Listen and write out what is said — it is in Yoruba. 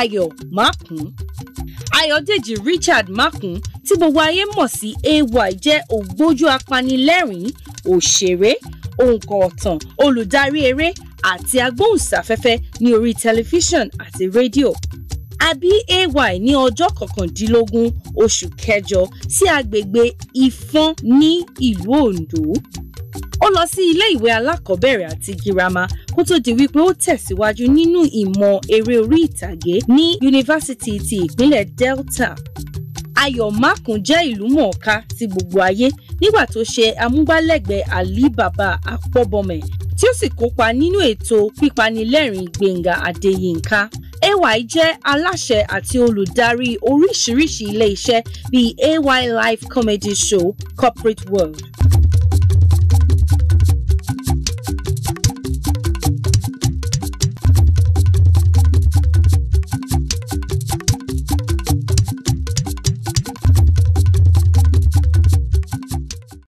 Ayọ̀ Mákùn. Ayọ̀dèjì Richard Makun, tí gbogbo ayé mọ̀ sí AY jẹ́ ògbójú apanilẹ́rìn-ín òṣèré òǹkọ̀ọ̀tàn olùdarí eré àti agbóhùnsáfẹ́fẹ́ ní orí tẹlifíṣàn àti rédíò. A AY ní ọjọ́ kọkàndínlógún oṣù kẹjọ sí agbègbè Ìfọ̀n ní ìlú Oǹdó ó lọ sí ilé ìwé alákọ̀ọ́bẹ̀rẹ̀ àti girama kó tó di wípé ó tẹ̀síwájú nínú ìmọ̀ eré orí ìtàgé ní yunifásítì ti ìpínlẹ̀ Delta Ayọ̀ Makùn jẹ́ ìlú mọ̀ọ́ká sí gbogbo ayé nígbà tó ṣe amúgbálẹ́gbẹ̀ẹ́ Ali Baba Akpọ́bọmẹ̀ tí ó sì kópa nínú ètò pípanilẹ́rìn Gbẹ̀ngà Adéyínká AY jẹ́ aláṣẹ àti olùdarí oríṣiríṣi ilé iṣẹ́ bíi AY Life Comedy Show Corporate World.